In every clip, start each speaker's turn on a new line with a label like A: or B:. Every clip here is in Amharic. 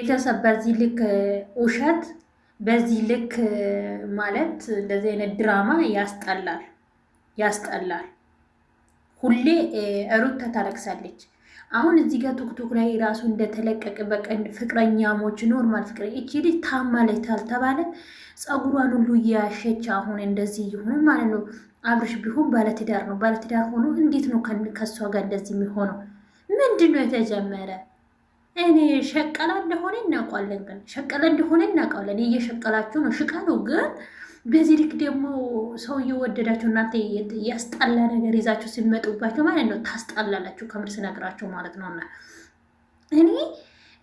A: ቤተሰብ በዚህ ልክ ውሸት በዚህ ልክ ማለት እንደዚህ አይነት ድራማ ያስጠላል፣ ያስጠላል። ሁሌ እሩት ታለቅሳለች። አሁን እዚህ ጋር ቱክቱክ ላይ ራሱ እንደተለቀቀ በቀን ፍቅረኛሞች ኖርማል ፍቅረ እቺ ልጅ ታማለች ታልተባለ ፀጉሯን ሁሉ እያሸች አሁን እንደዚህ እየሆነ ማለት ነው። አብርሽ ቢሆን ባለትዳር ነው። ባለትዳር ሆኖ እንዴት ነው ከሷ ጋር እንደዚህ የሚሆነው? ምንድን ነው የተጀመረ እኔ ሸቀላ እንደሆነ እናውቃለን፣ ግን ሸቀላ እንደሆነ እናውቃለን። እየሸቀላችሁ ነው፣ ነው። ግን በዚህ ልክ ደግሞ ሰው እየወደዳችሁ እናንተ ያስጠላ ነገር ይዛችሁ ሲመጡባቸው ማለት ነው ታስጠላላችሁ። ከምር ስነግራችሁ ማለት ነው እና እኔ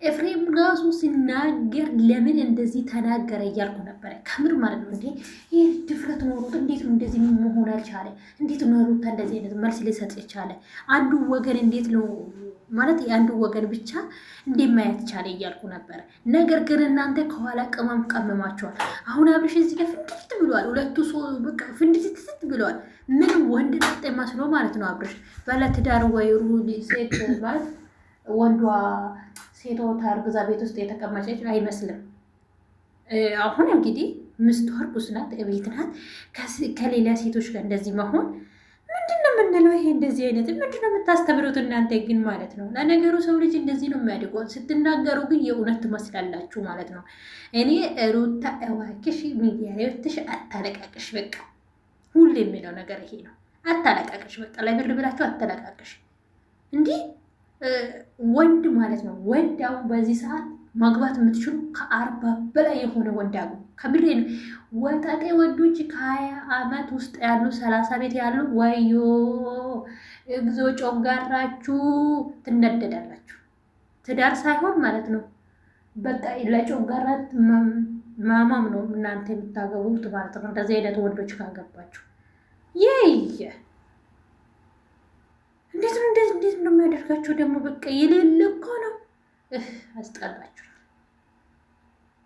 A: ኤፍሬም ራሱ ሲናገር ለምን እንደዚህ ተናገረ እያልኩ ነበረ። ከምር ማለት ነው እንዴ ይህ ድፍረት ኖሮት እንዴት ነው እንደዚህ ሊበላ ቻለ? እንዴት ነው ሩታ እንደዚህ አይነት መልስ ሊሰጥ ይቻለ? አንዱ ወገን እንዴት ነው ማለት የአንዱ ወገን ብቻ እንዴት ማየት ቻለ እያልኩ ነበር። ነገር ግን እናንተ ከኋላ ቅመም ቀመማቸዋል። አሁን አብርሽ እዚህ ጋር ፍንድት ብለዋል። ሁለቱ ፍንድትትት ብለዋል። ምን ወንድ ጠጤ መስሎ ማለት ነው። አብርሽ ባለትዳር ወይ ሩ ሴት ማለት ወንዷ ሴቶ ታርግዛ ቤት ውስጥ የተቀመጨች አይመስልም። አሁን እንግዲህ ምስትወር ናት እቤት ናት። ከሌላ ሴቶች ጋር እንደዚህ መሆን ምንድን ነው የምንለው? ይሄ እንደዚህ አይነት ምንድን ነው የምታስተምሩት እናንተ ግን ማለት ነው። ለነገሩ ሰው ልጅ እንደዚህ ነው የሚያድገው። ስትናገሩ ግን የእውነት ትመስላላችሁ ማለት ነው። እኔ ሩታ እባክሽ ሚዲያ ላይ አታለቃቅሽ። በቃ ሁሉ የሚለው ነገር ይሄ ነው። አታለቃቅሽ። በቃ ለብር ብላችሁ አታለቃቅሽ። እንዲህ ወንድ ማለት ነው ወንድ አሁን በዚህ ሰዓት ማግባት የምትችሉ ከአርባ በላይ የሆነ ወንድ አግቡ። ከብሬን ወንዶች ከሀያ አመት ውስጥ ያሉ ሰላሳ ቤት ያሉ ወዮ እግዞ ጮጋራችሁ ትነደዳላችሁ። ትዳር ሳይሆን ማለት ነው። በቃ ለጮጋራት ማማም ነው እናንተ የምታገቡት ማለት ነው። እንደዚህ አይነት ወንዶች ካገባችሁ ይይ እንዴት ነው እንደዚህ እንዴት ደግሞ በቃ የሌለ እኮ ነው። አስጠላችሁ።